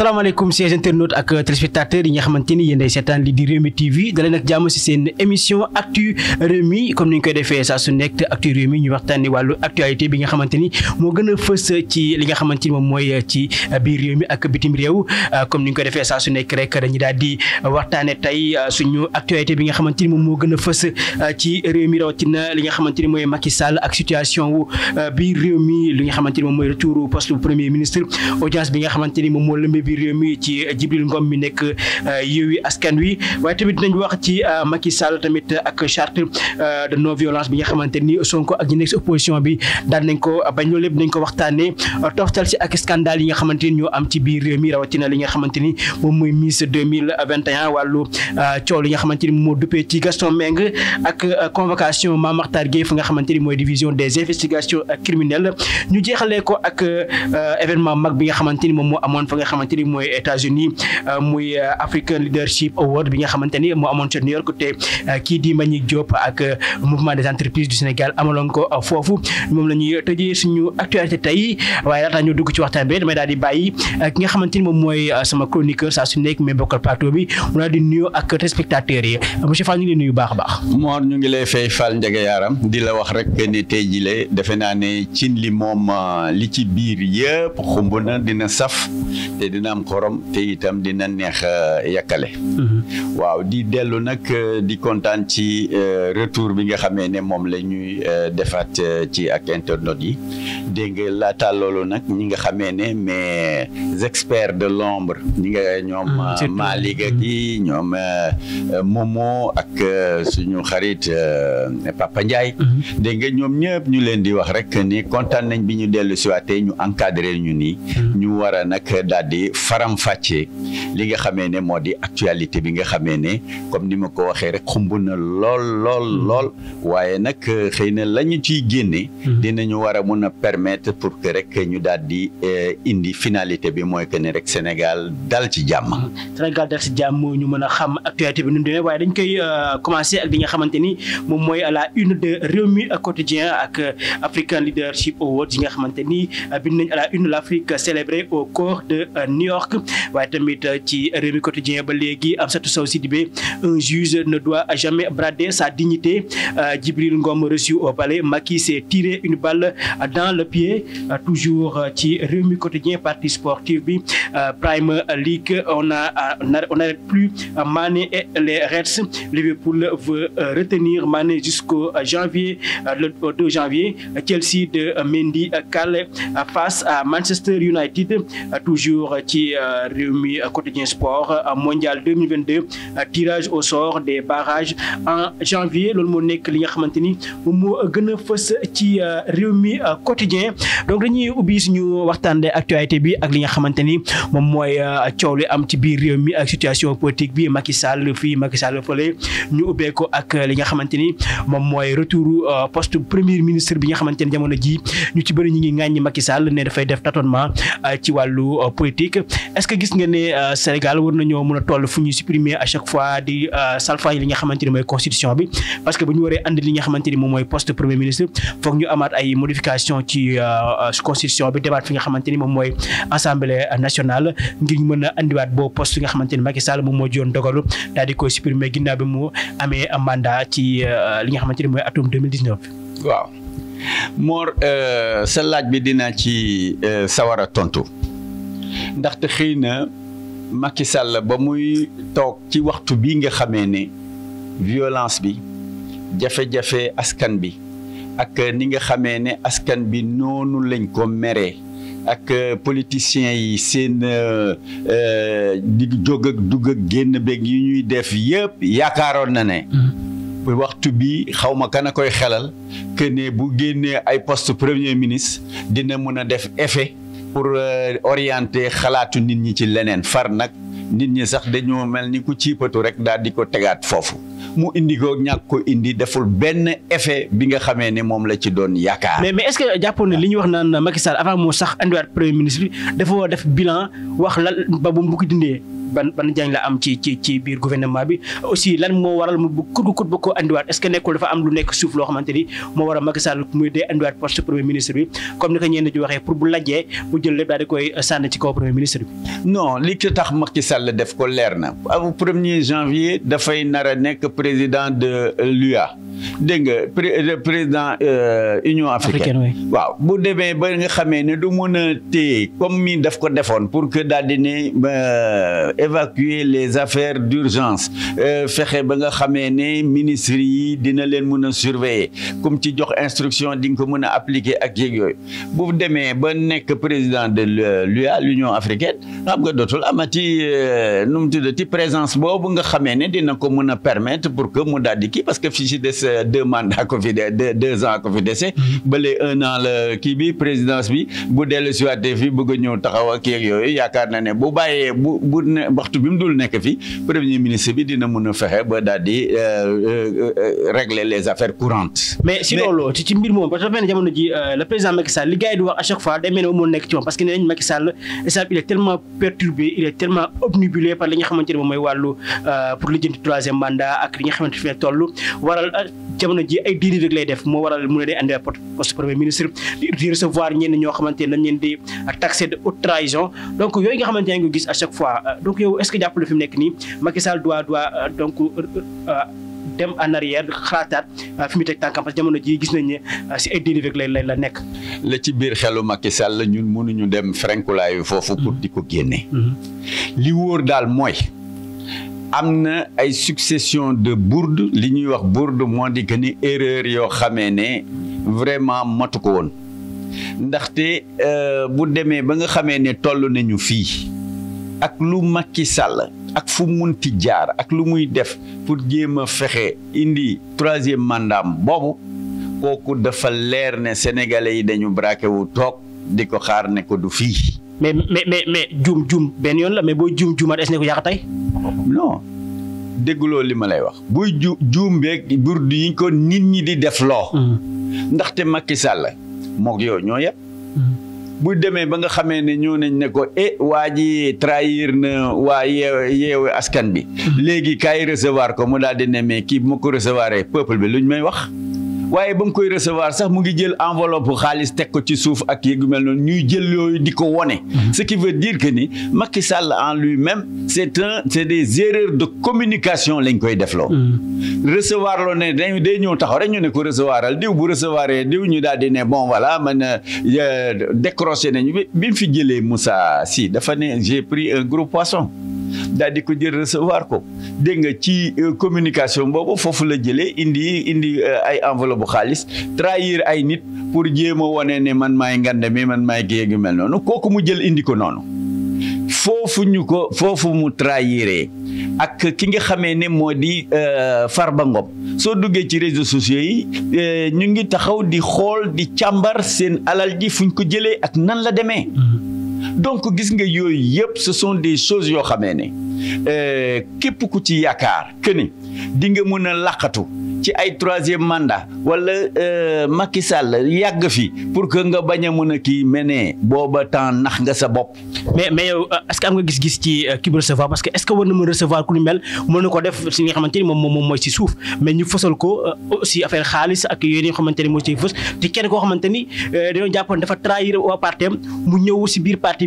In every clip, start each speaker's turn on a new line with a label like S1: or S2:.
S1: salaamaaleykum chers internautes ak téléspectateurs yi nga xamante ni yéen day seetaan li di Rewmi TV dalee nag jàmm si seen émission actu Rewmi comme ni ñu koy defee saa su nekk actu Rewmi ñu a fës ni moom mooy ci biir réew mi ak bitim réew comme ni ñu koy defee saa su nekk rek dañu daal di waxtaanee tey suñu actualité bi nga xamante ni moom moo gën a fës ci réew mi rawatina li nga xamante ni mooy Macky Sall ak situation wu euh, biir réew mi li nga xamante ni moom moom moo lëmbee biir réew mi ci Jibril Ngom mi nekk euh, Yewwi Askan Wi waaye tamit dinañ wax ci euh, Macky tamit ak charte euh, de non violence bi nga xamante ni Sonko ak ñi nekk opposition bi daan nañ ko bañ loolu lépp nañ ko waxtaanee toftal si ak scandale yi nga xamante ni ñoo am ci biir réew mi rawatina li nga xamante ni moom mooy Miss 2021 wàllu coow li nga xamante ni moo duppee ci Gaston Mbengue ak convocation Mame Makhtar Gueye fa nga xamante ni mooy division des investigations criminelles ñu jeexalee ni mooy États-Unis euh, muy euh, African Leadership Award bi nga xamante ni moo amoon ca New York te euh, kii di Mbagnick Diop ak mouvement des entreprises du Sénégal amaloon ko foofu moom la ñuy tëjee suñu actualité tey waaye laata ñu dugg ci waxtaan bi damay daal di bàyyi ki nga xamante ni moom mooy sama chroniqueur saa su nekk mais bokkal plateau bi mu daal di nuyu ak téléspectateurs yi monsieur Fall ñu ngi lay nuyu baax a baax.
S2: Mor ñu ngi lay fay Fall Ndiaga Yaram di la wax rek ne tey jii defe naa ne cin li moom li ci biir yëpp xumb na dina dina am xorom te itam dina neex eh, yàkkale
S1: mm-hmm.
S2: waaw di dellu nag eh, di kontaan ci eh, retour bi nga xamee ne moom la ñuy defaat ci ak internet yi dégg nga laata loolu nag ñi nga xamee ne mais experts de l'ombre ñi nga ñoom mm, Malick ak yi mm-hmm. ñoom Momo ak suñu xarit Papa Ndiaye mm-hmm. dégg nga ñoom ñëpp ñu leen di wax rek ni kontaan nañ bi ñu dellu siwaatee ñu encadré ñu nii ñu war a nag faram-fàccee li nga xamee ne moo di actualité bi nga xamee ne comme ni ma ko waxee rek xumb na lool lool mm-hmm. lool waaye nag euh, xëy na lañu ñu ciy génne. Mm-hmm. dinañu war a mun a permettre pour que rek ñu dal di euh, indi finalité bi mooy que ne rek Sénégal dal ci jàmm.
S1: Mm-hmm. Sénégal dal ci jàmm ñu mën a xam actualité bi nu mu waaye dañ koy euh, commencé ak li nga xamante ni moom mooy à la une de Rewmi quotidien ak African Leadership Awards yi nga xamante ni bind nañ la une l'Afrique célébrée New York waaye tamit euh, ci Rewmi Quotidien ba léegi Amsatou Sow Sidibé un juge ne doit jamais brader sa dignité euh, Djibril Ngom reçu au palais Macky s'est tiré une balle dans le pied euh, toujours ci Rewmi Quotidien partie sportive bi Prime League on a on n'arrête plus Mané et les Reds Liverpool veut retenir Mané jusqu'au janvier le 2 janvier Chelsea de Mendy cale face à Manchester United toujours ci euh, réew mi quotidien sport euh, mondial 2022 euh, tirage au sort des barrages en janvier loolu moo nekk li nga xamante ni moo gën a fës ci réew mi quotidien donc dañuy ubbi suñu waxtaan actualité bi ak li nga xamante ni moom mooy coow li am ci biir réew mi ak situation politique bi Macky Sall fii Macky Sall fële ñu ubbee ak li nga xamante ni moom mooy retour post premier ministre bi nga xamante ni jamono ji ñu ci bëri ñu ngi ŋàññi Macky Sall ne dafay def tâtonnement ci wàllu politique que est ce que gis nga ne euh, Sénégal war nañoo mën a toll fu ñuy supprimer à chaque fois di euh, salfaañ li nga xamante mooy constitution bi parce que bu ñu waree andi li nga xamante ni moom mooy poste premier ministre foog ñu amaat ay modification ci euh, constitution bi débat fi nga xamante ni moom mooy assemblée national ngir ñu mën a indiwaat boobu poste yi nga xamante ni Macky Sall moom moo joon dogalu daal di koy supprimer ginnaaw bi mu amee mandat ci li nga xamante ni mooy atum 2019.
S2: waaw Mor sa laaj bi dina ci sawar a tontu. ndaxte xëy na Macky Sall ba muy toog ci waxtu bi nga xamee ne violence bi jafe-jafe askan bi ak ni nga xamee ne askan bi noonu lañ ko mere ak politiciens yi seen euh, euh, di jóg ak dugg ak génn beeg yi ñuy def yëpp yaakaaroon na ne. Mm-hmm. waxtu bi xaw ma kan a koy xelal que bu génnee ay poste premier ministre dina mën a def effet. pour euh, orienter xalaatu nit ñi ci leneen far nag nit ñi sax dañoo mel ni ku ciipatu rek daal di ko tegaat foofu mu indi ko ñàkk ko indi deful benn effet bi nga xamee ne moom la ci doon yaakaar.
S1: mais mais est-ce que jàppoon ne li ñu wax naan Macky Sall avant moo sax andiwaat premier ministre bi dafa def bilan wax lan ba bu mu ko dindee. ban ban jàng la am ci ci ci biir gouvernement bi aussi lan moo waral mu bu kut kut ba ko andiwaat est-ce que nekkul dafa am lu nekk suuf loo xamante ni moo waral Macky
S2: ko ñenn def ko leer na au premier janvier dafay nar a nekk président de l'UA dégg nga pré président euh, Union africaine. waaw bu demee ba nga xamee ne du mën a téye comme mi daf ko defoon pour que daal di euh, évacuer les affaires d'urgence euh, fexe ba nga xamee ne ministre yi dina leen mën a surveiller comme ci jox instruction di nga ko mën a appliquer ak yeeg yooyu bu demee ba nekk président de l'UA l'Union africaine xam nga dootul amati euh, nu mu tuddati présence boobu nga xamee ne dina ko mën a permettre pour que mu daal di kii parce que fii ci des euh, deux a ko fi de deux ans ko fi dese mm-hmm. balee un an la kii bi présidence bi bu dellu siwaatee fi bëgg a ñëw taxaw ak yeeg yooyu yaakaar na ne bu bàyyee bu waxtu bi mu dul nekk fi premier ministre bi dina mën fexe ba daal di euh, euh, les affaires courantes.
S1: mais si loolu ci mbir moom parce que dafa mel ji euh, le président Macky il est tellement perturbé il est tellement obnubilé par li nga xamante mooy wàllu pour lijjanti troisième ji ay diini def moo waral mu ne day andi poste premier ministre di recevoir ñenn ñoo xamante ne dañ leen de haute trahison donc yooyu nga xamante ne ñu gis à chaque fois yow est-ce que jàppale fi mu nekk nii Macky Sall doit doit euh, donc euh, euh, dem en arrière xalaataat fi mu teg tànkam parce que jamono ji gis nañ ne si ay dérivé lay lay la nekk.
S2: la ci biir xelu Macky Sall la ñun mënuñu dem frenkulaayu foofu. pour mhm. di ko génne. Mhm. li wóor daal mooy. am na ay succession de bourde li ñuy wax bourde moo di que ni erreur yoo xamee ne vraiment matu ko woon ndaxte bu demee ba nga xamee ne toll nañu fii. ak lu Macky sàll ak fu mun munti jaar ak lu muy def pour jéem a fexe indi troisième mandat boobu kooku dafa leer ne sénégalais yi dañu braqué wu toog di ko xaar ne ko du fi
S1: mais mais mais mais juum benn yoon la mais booy juum juumaat est-ce ne ko yàq tey.
S2: non li ma lay wax. buy ju juum beeg burdu yi ko nit ñi di def loo. Hmm. ndaxte Macky Sall moog yow ñoo yëpp. bu demee ba nga xamee ne ñëw nañ ne ko eh waa ji trahir na waa yeew yeewe askan bi mm-hmm. léegi kaay recevoir ko mu daal di ne mais kii bu ma ko recevoir peuple bi luñ may wax waaye ba nga koy recevoir sax mu ngi jël enveloppe xaalis teg ko ci suuf ak yéegu mel noonu ñuy jël yooyu di ko wone mhm. ce qui veut dire que ni Macky Sall en lui-même c'est un c'est des erreurs de communication lañ koy defloo mhm. recevoir loo ne dañ day ñëw taxaw rek ñu ne ko recevoiral diw bu recevoiree diw ñu daal di ne bon voilà man euh, décroché nañu bi bi mu fi jëlee Moussa Sy dafa ne j'ai pris un gros poisson daal di ko jël recevoir ko dégg nga ci euh, communication boobu foofu la jëlee indi indi euh, ay enveloppe bu xaalis trahir ay nit pour jéem a wane ne man maay ngande mi man maay géej gi mel noonu kooku mu jël indi ko noonu foofu ñu ko foofu mu trahiré ak ki nga xamee ne moo di euh, Farba Ngom soo duggee ci réseau sociaux yi ñu ngi taxaw di xool di càmbar seen alal ji fuñ ko jëlee ak nan la demee. Mm-hmm. donc gis nga yooyu yëpp ce sont des choses yoo xamee ne euh, képp ku ci yaakaar que ni di nga mën a làqatu ci ay troisième mandat wala euh, Macky yàgg
S1: fi pour que nga bañ a mën a booba temps nax nga sa bopp. mais mais yow euh, est-ce que am nga gis-gis ci euh, ki recevoir parce que est moom moom mooy si moo ciy fës te kenn koo xamante ni dañoo jàpp dafa trahir loolu Macky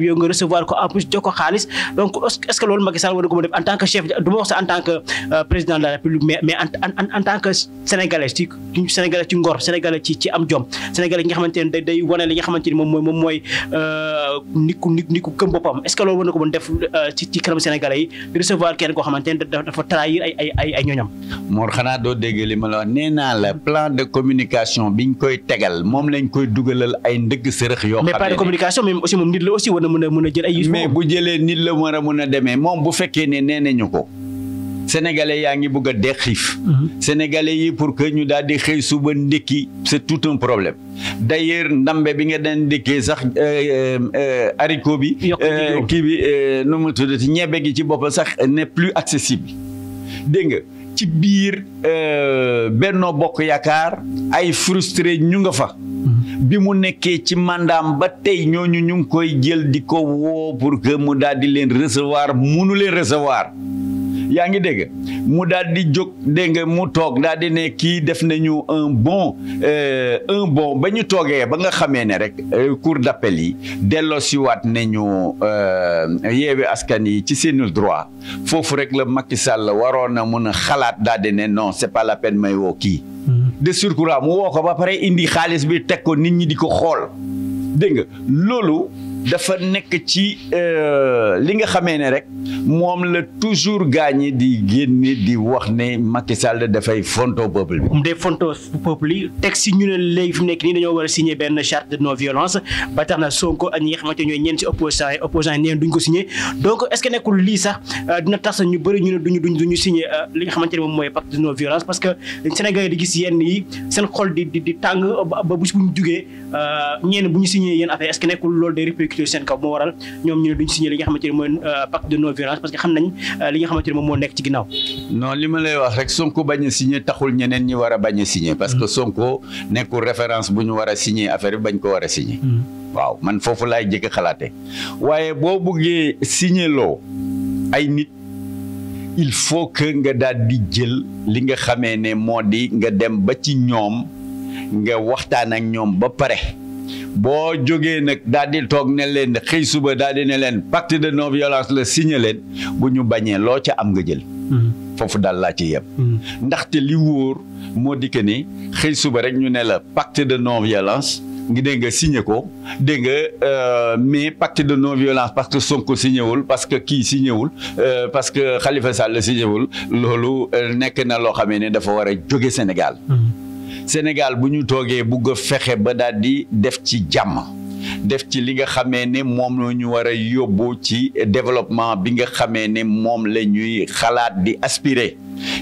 S1: war na ko def en tant que chef du ma wax en tant que président de République mais en en que. sénégalais ci sénégalais ci ngor sénégalais ci ci am jom sénégalais yi nga xamante ne day day wane li nga xamante ni moom mooy moom mooy euh, nit ku nit ku gëm boppam est ce que loolu war na ko mën def euh, ci ci kanam sénégalais yi recevoir kenn koo xamante ne dafa trahir ay ay ay ay ñoñam
S2: Mor xanaa doo dégg li ma la nee naa la plan de communication biñ koy tegal moom lañ
S1: koy dugalal ay ndëgg sërëx yoo xam ne mais plan de moom nit la mën a mën a jël ay mais bu jëlee
S2: nit la war a mën a demee moom bu fekkee ne nee ñu ko sénégalais yaa ngi bëgg a dee xiif mhm. yi pour que ñu daal di xëy suba ndékki c'est tout un problème d'ailleurs ndambe bi nga daan ndékkee sax euh, euh, euh, haricot bi kii bi nu mu tuddati ñebe gi ci boppam sax n'est plus accessible dégg nga ci biir Benno Bokk Yaakaar ay frustré ñu nga fa mhm. bi mu nekkee ci mandaam ba tey ñooñu ñu ngi koy jël di ko woo pour que mu daal di leen recevoir munu leen recevoir yaa ngi dégg mu daal di jóg dégg nga mu toog daal di ne kii def nañu un bon euh, un ba ñu toogee ba nga xamee ne rek euh, cour d'appel yi dello delloosiwaat nañu euh, yeewi askan yi ci seeni droit foofu rek la Macky Sall waroon na mun a xalaat dal di ne non c'est pas la peine may woo kii. Mm-hmm. de surcroît mu woo ba pare indi xaalis bi teg ko nit ñi di ko xool dégg loolu. dafa nekk ci euh, li nga xamee ne rek moom la toujours gaañi di génne di wax ne Macky Sall dafay fonto peuple bi.
S1: day fonto peuple yi teg si ñu ne léegi fi mu nekk nii dañoo war a signé benn charte de no violence ba tax na Sonko ak ñi xamante ñooy ñeen si opposants yi opposants yi neen duñ ko signé donc est ce que nekkul lii sax euh, dina tax sax ñu bëri ñu ne duñu duñ duñu signé euh, li nga xamante ne moom mooy pacte de non violence parce que Sénégal di gis yenn yi seen xol di di di tàng ba bu ñu jugee ñeen bu ñu signé yenn affaire est ce que nekkul loolu exécuté seen kaw moo waral ñoom ñu ne duñ signé li nga xamante ne mooy euh, pacte de non parce que xam nañ euh, li nga xamante ne moom moo nekk ci ginnaaw.
S2: non li ma lay wax rek Sonko bañ a signé taxul ñeneen ñi war a bañ a signé. parce que mm. Sonko nekkul référence bu ñu war a signé affaire bi bañ ko war a signé. Mm. waaw man foofu laay jëkk xalaate waaye boo buggee signé loo ay nit. il faut que nga daal di jël li nga xamee ne moo di nga dem ba ci ñoom nga waxtaan ak ñoom ba boo jógee nag daal di toog ne leen xëy suba daal di ne leen pacte de non violence la signé leen bu ñu bañee loo ca am nga jël. Hmm. foofu daal laa ci yem. Hmm. ndaxte li wóor moo di que ni xëy suba rek ñu ne la pacte de non violence ngi dégg nga signé ko dégg nga euh, mais parti de non violence parce que Sonko signé wul parce que kii signé wul euh, parce que xalifa Sall signé wul loolu euh, nekk na loo xamee ne dafa war a jóge Sénégal. Hmm. Sénégal bu ñu toogee bugg a fexe ba daal di def ci jàmm. def ci li nga xamee ne moom la ñu war a yóbbu ci développement bi nga xamee ne moom la ñuy xalaat di aspirer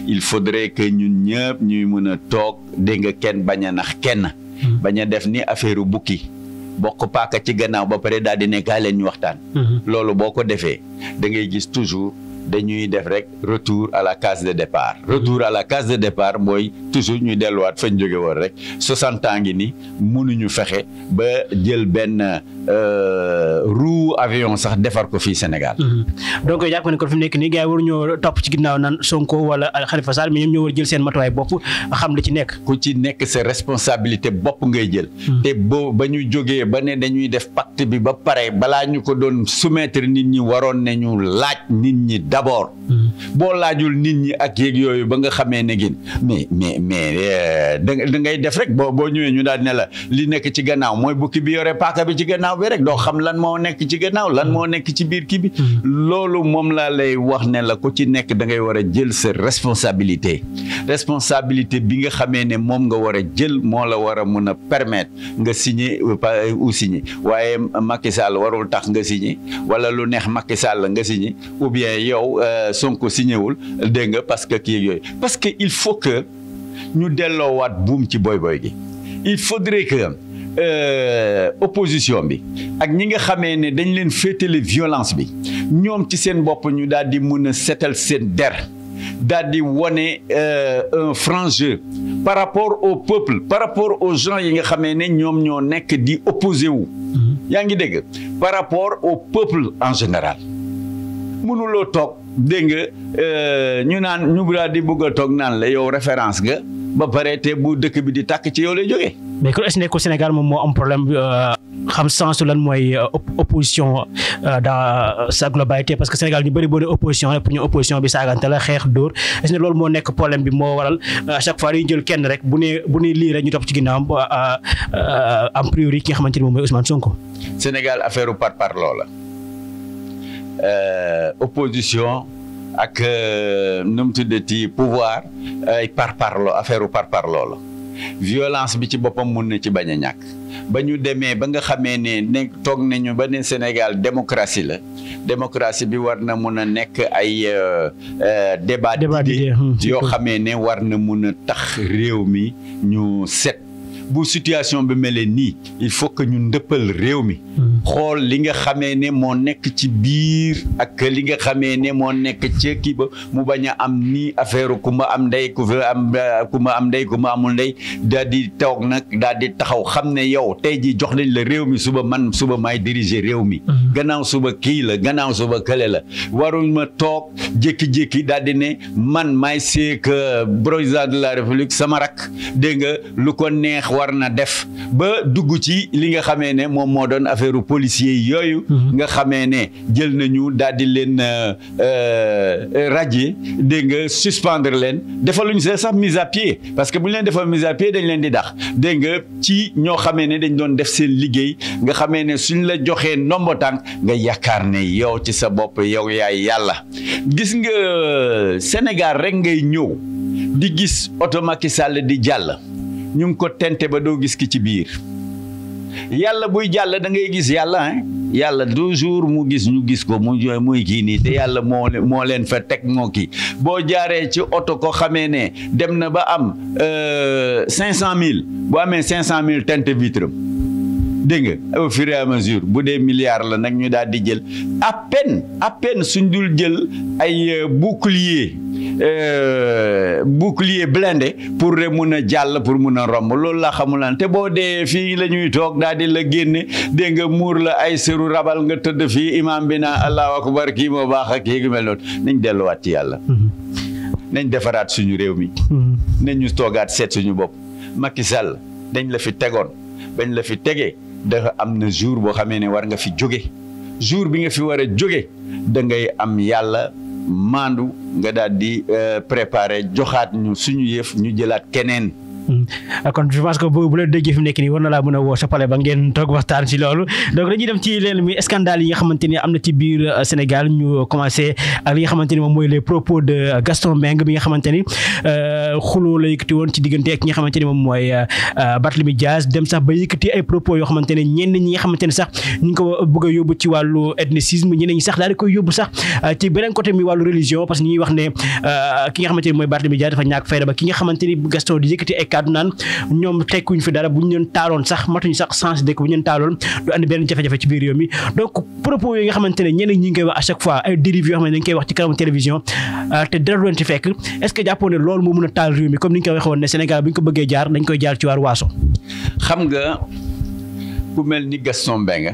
S2: il faudrait que ñun ñëpp ñuy mën a toog dégg nga kenn bañ a nax kenn. Hmm. bañ a def ni affaire bukki boo ko paaka ci gannaaw ba pare daal di nekkaa leen ñu waxtaan. Hmm. loolu boo ko defee da gis toujours. dañuy def rek retour à la case de départ retour la case de départ mooy toujours ñuy delluwaat fañ jóge woon rek soixante ans ngi ni mënuñu fexe ba jël benn euh, roue avion sax defar ko fii Sénégal.
S1: Mhm. donc jàpp ne kon nekk nii gars yi waruñoo topp ci ginnaaw naan Sonko wala Khalifa Sall mais ñoom ñoo war jël seen matuwaay bopp xam li ci nekk. ku ci nekk sa responsabilité bopp ngay jël. Mhm. te
S2: boo ba ñu jógee ba ne dañuy def pacte bi ba pare balaa ñu ko doon soumettre nit ñi waroon ñu laaj nit ñi. d'abord. Hmm. boo laajul nit ñi ak yég yooyu ba nga xamee ne gin mais mais mais eh, da ngay def rek boo boo ñëwee ñu daal ne la li nekk ci gannaaw mooy bukki bi yore paaka bi ci gannaaw bi rek doo xam lan moo nekk ci gannaaw lan hmm. moo nekk ci biir kii bi. Hmm. loolu moom laa lay wax ne la ku ci nekk da ngay war a jël sa responsabilité responsabilité bi nga xamee ne moom nga war a jël moo la war a mun a permettre nga signer euh, euh, ou signer waaye Macky warul tax nga signer wala lu neex Macky nga signer yow euh, Sonko signé wul dégg nga parce que kii yooyu parce que il faut que ñu delloowaat buum ci boy boy gi il faudrait que Euh, opposition bi ak ñi nga xamee ne dañ leen féetale violence bi ñoom ci seen bopp ñu daal di mën a setal seen der daal di wane euh, un franc par rapport au peuple par rapport au gens yi nga xamee ne ñoom ñoo nekk di opposé wu. Mm-hmm. yaa ngi dégg par rapport au peuple en général. mënuloo toog dégg nga euh, ñu naan ñu daal di bëgg a toog naan la yow référence nga ba pare te bu dëkk bi di tàkk ci yow lay jógee.
S1: mais kon est moom moo am problème euh, xam sensu lan mooy euh, opposition dans sa globalité parce que Sénégal ñu bëri boo ne opposition rek pour ñu opposition la xeex dóor est-ce que loolu moo nekk problème bi moo waral à chaque fois dañuy jël kenn rek bu ne bu ne lii rek ñu topp ci ginnaawam en priori ki nga xamante ni moom mooy Ousmane Sonko.
S2: Sénégal affaire par par loola. Euh, opposition ak euh, nu mu tuddati pouvoir ay parparloo affaire parparloo la violence bi ci boppam mun na ci bañ a ñàkk ba ñu demee ba nga xamee ne toog nañu ba ne Sénégal démocratie la démocratie bi war na mun a nekk ay euh, débat d'idées yoo xamee ne war na mun a tax réew mi ñu set bu situation bi mel nii il faut que ñu ndëppal réew mi hmm. xool li nga xame ne moo nekk ci biir ak li nga xame ne moo nekk ci kii ba mu bañ a am ni affaire ku ma am ndey ku am euh, ku ma am ndey ku ma amul ndey da di toog nag daal di taxaw xam ne yow tey ji jox nañ la réew mi suba man suba may diriger réew mi hmm. gannaaw suba kii la gannaaw ma toog jékki-jékki daal di ne man maay seek euh, président de la république sama rak dégg lu ko neex war na def ba dugg ci li nga xamee ne moom moo doon affaire policier yooyu. Mhm. nga xamee ne jël nañu daal di leen euh, euh, radier dégg nga suspendre leen defaluñ see sax mise à pied parce que bu ñu leen defal mise à pied dañ leen di dax dégg nga ci ñoo xamee ne dañ doon def seen liggéey nga xamee ne suñ la joxee ndombo tànk nga yaakaar ne yow ci sa bopp yow yaay yàlla gis nga Sénégal rek ngay ñëw di gis oto Macky di jàll. ñu ngi ko tente ba doo gis ki ci biir yàlla buy jàll da ngay gis yàlla yàlla toujours mu gis ñu gis ko mu jooy muy kii nii te yàlla moo moo leen fa teg moo kii boo jaaree ci oto ko xamee ne dem na ba am euh, cinq cent mille boo amee cinq cent mille tente vitre dégg nga au à mesure bu dee milliard la nag ñu daal di jël à peine à peine suñ dul jël ay euh, bouclier Euh, bouclier blindé pour re mun a jàll pour mun a romb loolu la xamulaan te boo dee fii la ñuy toog daal di la génne dégg nga muur la ay sëru rabal nga tëdd fii imaam bi naa allahu akbar kii moo baax ak kii mel noonu nañ delluwaat ci yàlla mhm. nañ defaraat suñu réew mi mhm. nañ toogaat seet suñu bopp Macky Sall dañ la fi tegoon bañ la fi tegee da am na jour boo xamee ne war nga fi jóge jour bi nga fi war a jóge da am yàlla maandu nga daal di euh, préparer joxaat ñu suñu yëf ñu jëlaat keneen. Mm.
S1: Ah, kon je pense que bu bu la déggee fi mu nekk nii war na laa a woo sa pale ba ngeen toog nga xamante na ci biir euh, xamante ni moom mooy les propos de euh, Gaston nga xamante ni euh, xuloo woon ci diggante ak nga xamante ni moom mooy Barthélémy Dias dem sax ba yëkkati ay propos yoo xamante ne ñi nga xamante ne sax ñu ko bëgg a yóbbu ci wàllu ethnicisme ñeneen ñi sax daal di koy yóbbu sax ci beneen côté mi wàllu religion parce que ñi ngi wax ne ki nga xamante ni mooy Barthélémy Dias ki nga xamante Gaston di yëkkati ay kàddu naan ñoom tekkuñ fi dara bu ñu leen taaloon sax matuñ sax sens dëkk bu ñu leen taaloon du andi benn jafe-jafe ci biir réew mi donc propos yi nga xamante ne ñeneen ñi ngi koy wax à chaque fois ay dérive yoo xam ne dañ koy euh, fekk est-ce a taal réew mi comme ni ñu ko waxee woon ne Sénégal bu koy jaar ci waar waaso
S2: xam nga ku mel ni Gaston Mbengue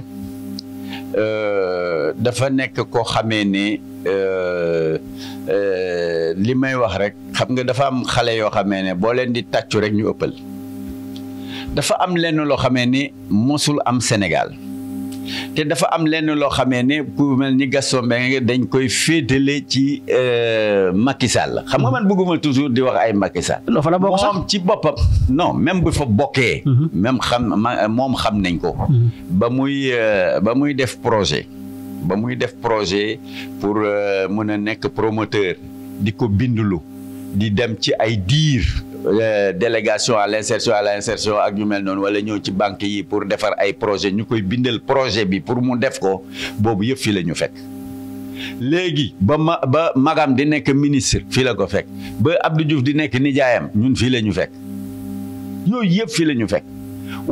S2: Euh, dafa nekk koo xamee ne euh, euh, li may wax rek xam nga dafa am xale yoo xamee ne boo leen di tàccu rek ñu ëppal dafa am lenn loo xamee ni mosul am Sénégal te dafa am lenn loo xamee ne ku mel ni Gaston Mbengue dañ koy féetale ci euh, Macky Sall xam nga man bëgguma toujours di wax ay Macky Sall. bokk sax moom ci boppam. non même bu fa bokkee. Mhm. même xam ma moom xam nañ ko. Mhm. ba muy euh, ba muy def projet. ba muy def projet pour euh, mën a nekk promoteur di ko bindulu di dem ci ay diir. Euh, délégation à l'insertion la l'insertion ak ñu mel noonu wala ñëw ci banque yi pour defar ay projet ñu koy bindal projet bi pour mu def ko boobu yëpp fii la ñu fekk léegi ba ba magam di nekk ministre fii la ko fekk ba Abdou Diouf di nekk nijaayam ñun fii la ñu fekk yooyu yëpp fii la ñu fekk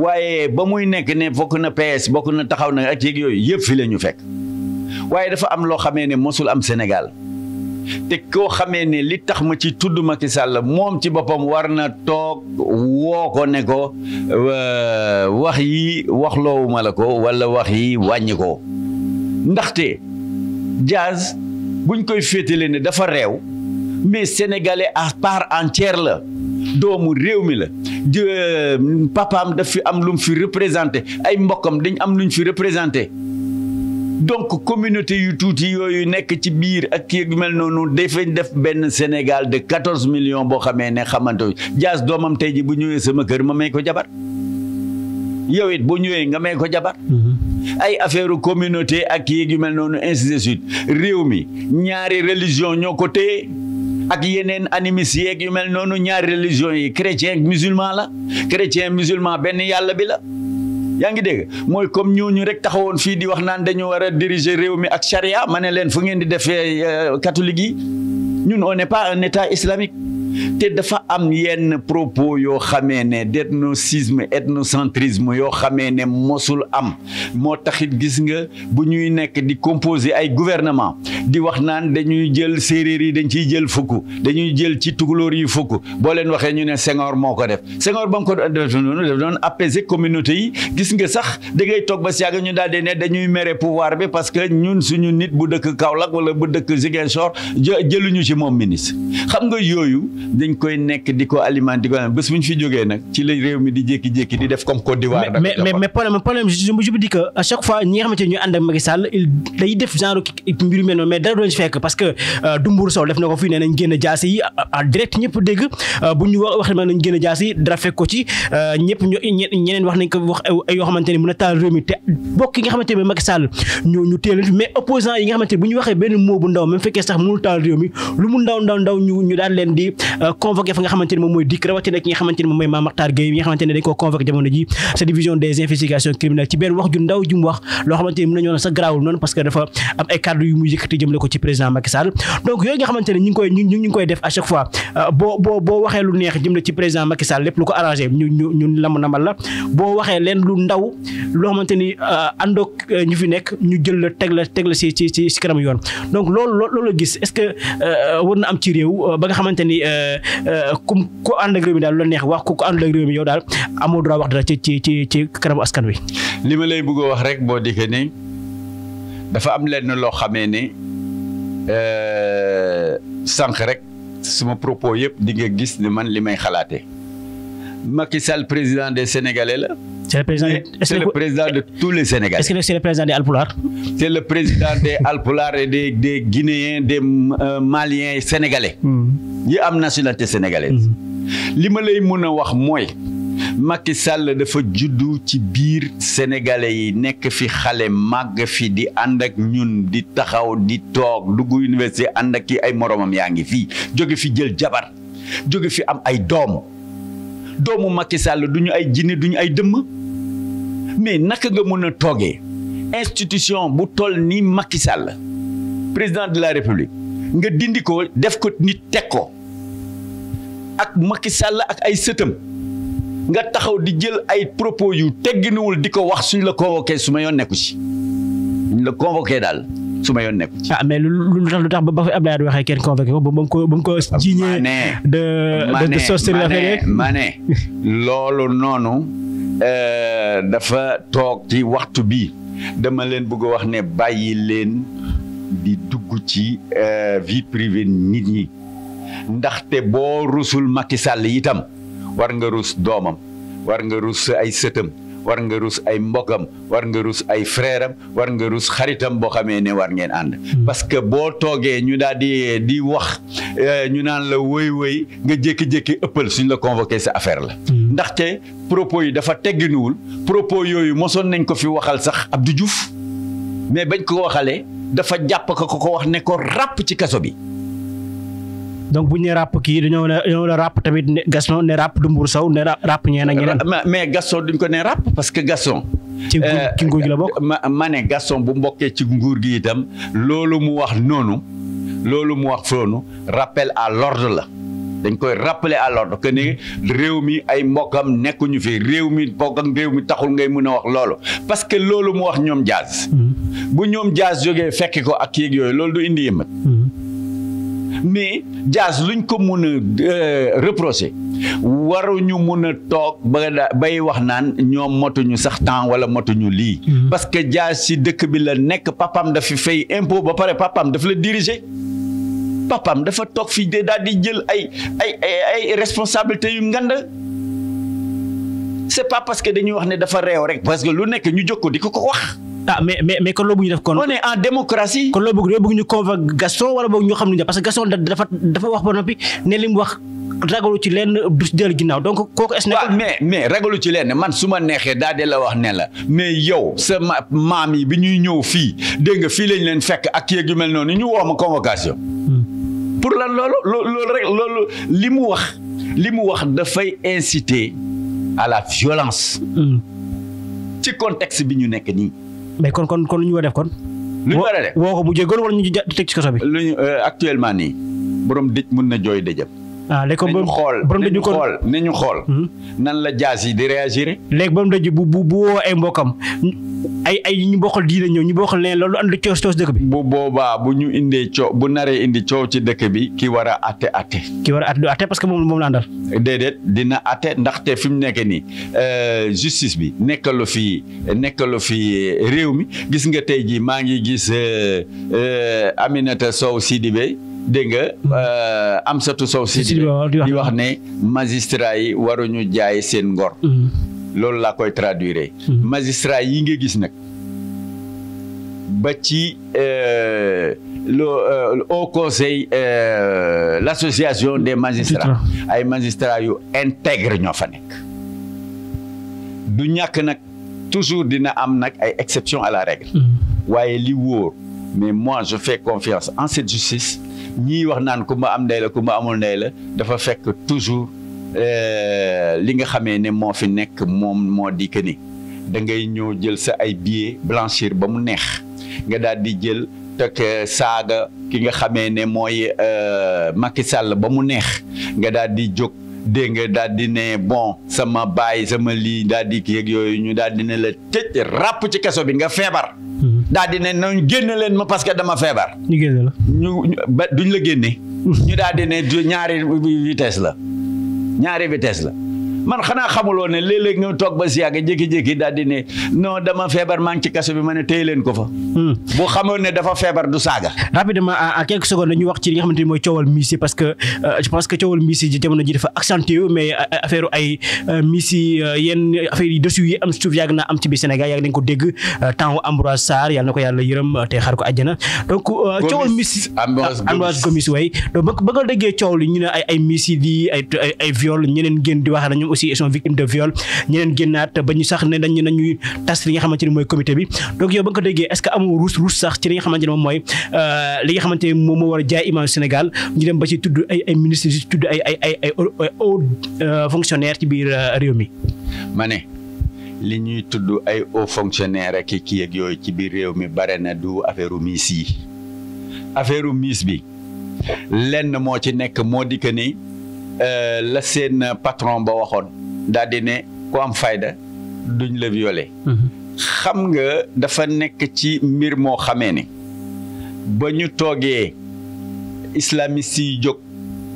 S2: waaye ba muy nekk ne bokk na PS bokk na taxaw na ak yeeg yooyu yëpp fii la ñu fekk waaye dafa am loo xamee ne mosul am Sénégal te koo xamee ne li tax ma ci tudd Macky Sall moom ci boppam war na toog woo ko ne ko euh, wax yi waxloowuma la ko wala wax yi wàññi ko ndaxte Diaz buñ koy féetale ne dafa reew mais sénégalais à part entière la doomu réew mi la euh, papaam daf fi am lu fi représenté ay mbokkam dañ am luñ fi représenté donc communauté yu tuuti yooyu nekk ci biir ak kii yu mel noonu dafañ def benn Sénégal de quatorze millions boo xamee ne xamante jaas doomam tey ji bu ñëwee sama kër ma may ko jabar yow it boo ñëwee nga may ko jabar mhm. ay affaire communauté ak yéeg yu mel noonu ainsi de réew mi ñaari religion ñoo ko téye ak yeneen animistes yeeg yu mel noonu ñaari religion yi chrétien musulman la chrétien musulman benn yàlla bi la yaa ngi dégg mooy comme ñooñu rek taxawoon fii di wax naan dañu war a diriger réew mi ak charia ma ne leen fu ngeen di defee euh, catholique yi ñun on n'est islamique te dafa am yenn propos yoo xamee ne d'ethnocisme ethnocentrisme yoo xamee ne mosul am moo taxit gis nga bu ñuy nekk di composer ay gouvernement di wax naan dañuy jël séeréer yi dañ ciy jël fukk dañuy jël ci tukulóor yi fukk boo leen waxee ñu ne Senghor moo ko def Senghor ba mu ko def noonu daf doon apaiser communauté yi gis nga sax da ngay toog ba si yàgg ñu daal di ne dañuy mere pouvoir bi parce que ñun suñu nit bu dëkk Kaolack wala bu dëkk Ziguinchor jëluñu ci moom ministre xam nga yooyu dañ koy nekk di ko alimenté di ko bés bu ñu fi jógee nag ci la réew mi di jékki-jékki di def comme Côte d'Ivoire. mais mais mais
S1: problème problème je me dis que à chaque fois ñi nga xamante ne ñu ànd ak Macky Sall il day def genre mbir mel noonu mais dara doon ci fekk parce que euh, Doumbourou Sow def na ko fii nee nañ génn jaas yi en direct ñëpp dégg euh, bu ñu wax ne nañ génn jaas yi dara fekk ko ci euh, ñëpp ñu ñeneen wax nañ ko wax yoo xamante ne mën a taal réew mi te bokk yi nga xamante ne Macky Sall ñoo ñu teel mais opposant yi nga xamante ne bu ñu waxee benn mot bu ndaw même fekkee sax mënul taal réew mi lu mu ndaw ndaw ndaw ñu ñu daal leen di Euh, convoqué fa nga xamante ne mooy dikk rawatina ki nga xamante ne mooy Mame Mactar Gueye nga xamante ne dañ koo jamono ji sa division des investigations criminelles ci benn wax ju ndaw ju wax loo xamante ne mën nañoo sa garaawul noonu parce que am ay kàddu yu muy yëkkati jëmale ko ci président Macky Sall donc yooyu ñu ngi koy ñu ngi def si ci ci si kanam yoon donc loolu loolu la gis est-ce euh, am ci réew euh, ba nga xamante Euh, euh, kum ku ànd ak réew mi daal lu la neex wax ku àndul ak réew yow daal amoo droit dara ci ci ci ci kanamu askan wi.
S2: li ma lay bëgg a wax rek boo dikkee ni dafa am lenn loo xamee ni euh, sànq rek suma propos yëpp di nga gis ni man li may xalaatee. Macky Sall président des Sénégalais la.
S1: c'est le
S2: président de tous les Sénégalais. est-ce que c'est le président des Alpulaar. c'est le président des Alpulaar et yi am nationalité sénégalaise mhm. li ma lay mën a wax mooy Macky Sall dafa juddu ci biir sénégalais yi nekk fi xale màgg fi di ànd ak ñun di taxaw di toog dugg université ànd ak ki ay moromam yaa ngi fii jóge fi jël jabar jóge fi am ay doom doomu Macky Sall du ñu ay jinne du ñu ay dëmm mais naka nga mën a toogee institution bu toll ni Macky Sall président de la république nga dindi ko def ko nit teg ko ak makki Sall ak ay sëtam nga taxaw di jël ay propose yu tegginuwul di ko wax suñ la convoqué su ma yoon nekku ci ñu la convoqué daal su ma yoon nekku
S1: ci. Ah, mais lu tax lu tax ba fa Abdoulaye waxee kenn convoqué ko ba mu ko ba mu ko jiiñee de de sorcellerie ma ne
S2: loolu noonu euh, dafa toog ci waxtu bi dama leen bëgg wax ne bàyyi leen di dugg ci euh, vie privée nit ñi. ndaxte boo rusul Macky sàll itam war nga rus doomam war nga rus ay sëtam war nga rus ay mbokam war nga rus ay frère war nga rus xaritam boo xamee ne war ngeen ànd. Hmm. parce que boo toogee ñu daal di di wax euh, ñu naan la woy woy nga jékki-jékki ëppal suñ la convoqué sa affaire la. Hmm. ndaxte propos yi dafa tegginuwul propos yooyu mosoon nañ ko fi waxal sax Abdou Diouf mais bañ ko waxalee dafa jàpp ko ko wax ne ko ràpp ci kaso bi.
S1: donc bu ñu nee ràpp kii dañoo ne dañoo ràpp tamit ne Gaston ne ràpp Dembour Sow ne ràpp ñeen ak ñeneen. mais
S2: Gaston duñ ko ne ràpp parce que Gaston. Euh, ci nguur gi la bokk ma ma ne Gaston bu mbokkee ci nguur gi itam loolu mu wax noonu loolu mu wax noonu rappel à l'ordre la. dañ koy rappeler à l'ordre que ni réew mi ay mbokkam nekkuñu fi réew mi bokk ak réew mi taxul ngay mën a wax loolu parce que loolu mu wax ñoom jaaz mm-hmm. bu ñoom jaaz jógee fekki ko ak yéeg yooyu loolu du indi yëmbat mm-hmm. mais Dias luñ ko mun a euh, reprocher waruñu mun a toog ba bay wax naan ñoom motuñu sax temps wala motuñu lii. Mm-hmm. parce que Dias ci dëkk bi la nekk papam dafa fay impôt ba pare papam daf la diriger. papam dafa toog fii de daal di jël ay ay ay
S1: responsabilités yu ngand c'est pas parce que dañuy wax ne dafa reew rek parce que lu nekk ñu jóg ko di ko ko wax. ah mais mais mais kon loo bëgg ñu def kon. on est en démocratie. kon loo bëgg loo bëgg ñu convoqué Gaston wala ñu xam lu ñu parce que Gaston dafa dafa wax ba noppi ne li mu wax ragalu ci lenn du ci dellu ginnaaw donc kooku. est mais mais ragalu ci lenn man su ma neexee daa de la wax
S2: ne la mais yow sa maam yi bi ñuy ñëw fii dégg nga fii lañ leen fekk ak yeeg yu mel noonu ñu woo ma convocation. Hmm. pour lan loolu loolu rek loolu li mu wax li mu wax dafay inciter à la violence. Hmm. ci
S1: contexte bi ñu nekk nii. mais kon kon kon lu ñu war a def kon.
S2: lu ñu a def woo ko bu jégalu wala ñu teg ci kaso bi. lu ñu euh, actuellement nii borom dëj mun na jooy dëjëm.
S1: ah léegi comme xool nañu xool nañu hmm? xool.
S2: nan la jaas yi di réagir. léegi borom dëj bu bu bu woo ay mbokkam ay ay ñu bokkal diine ñëw ñu bokkal leen loolu andi coow coow si dëkk bi. bu boobaa bu ñu indee coo bu naree indi coow ci dëkk bi ki war a atte atte.
S1: ki war a atte du atte parce que moom moom la àndal.
S2: déedéet dina atte ndaxte fi mu nekk nii euh, justice bi nekkalu fi nekkalu fi réew mi gis nga tey jii maa ngi gis euh, euh, Aminata Sow Sidibé. dégg nga mm. Amsatou Sow Sidibé di wax ne magistrat yi waruñu jaay seen ngor. Mm. loolu laa koy traduire. Hmm. magistrat yi nga gis nag ba ci euh, le euh, haut conseil euh, l' association des magistrats ay magistrats yu intègre ñoo fa nekk du ñàkk nag toujours dina am nag ay exception à la règle hmm. waaye li wóor mais moi je fais confiance en cette justice ñii wax naan ku ma am ndey la ku ma amul la dafa fekk toujours Euh, li nga xamee ne moo fi nekk moom moo di que ni da ngay ñëw jël sa ay billets blanchir ba mu neex nga daal di jël tek euh, saaga ki nga xamee ne mooy euh, Macky Sall ba mu neex nga daal di jóg. dégg nga daal di ne bon sama baay sama lii daal di kii ak yooyu ñu daal di ne la tëj ràpp ci kaso bi nga feebar. Mhm. daal di ne nañ génn leen ma parce que dama feebar. ñu génne la ñu duñ la génne. Mhm. ñu daal di ne ñaari vitesse la. ñaari vitesse la man xanaa xamuloo ne léeg-léeg nga toog ba si yàgg jékki-jékki daal di ne dama feebar maa ci kaso bi ma ne leen ko fa.
S1: Hmm. bu xamoon ne dafa feebar du saaga. rapidement à quelques secondes wax ci li nga xamante ni mooy coowal Missy parce que euh, je pense que ji jamono ji dafa accentué mais euh, ay euh, Missy yi dessus yi am suuf yàgg naa am ci biir Sénégal yàgg nañ ko dégg temps Ambroise Sarr yàlla na ko yàlla yërëm te xaar ko àjjana donc. coowal Missy Ambroise Gomis way ba nga déggee coow li ñu ne ay ay di ay viol ñeneen génn wax na si ils sont de viol ñeneen génnaat ba sax ne dañ nañuy tas li nga xamante mooy comité bi donc yow ba nga ko déggee est-ce que amoo ruus ruus sax ci li nga xamante moom mooy euh, li nga xamante ne moom moo war ba ci tudd ay ay ministres ci tudd ay ay ay euh, fonctionnaire ci biir euh, réew mi
S2: ma ne li ñuy tudd ay haut fonctionnaire ak ki ak yooyu ci biir réew mi bare na du affaire miis yi affaire miis bi lenn moo ci nekk moo di que Euh, la seen patron ba waxoon daal di ne ku am fayda duñ la violer. Mhm. xam nga dafa nekk ci mbir moo xamee ne ba ñu toogee islamiste yi jóg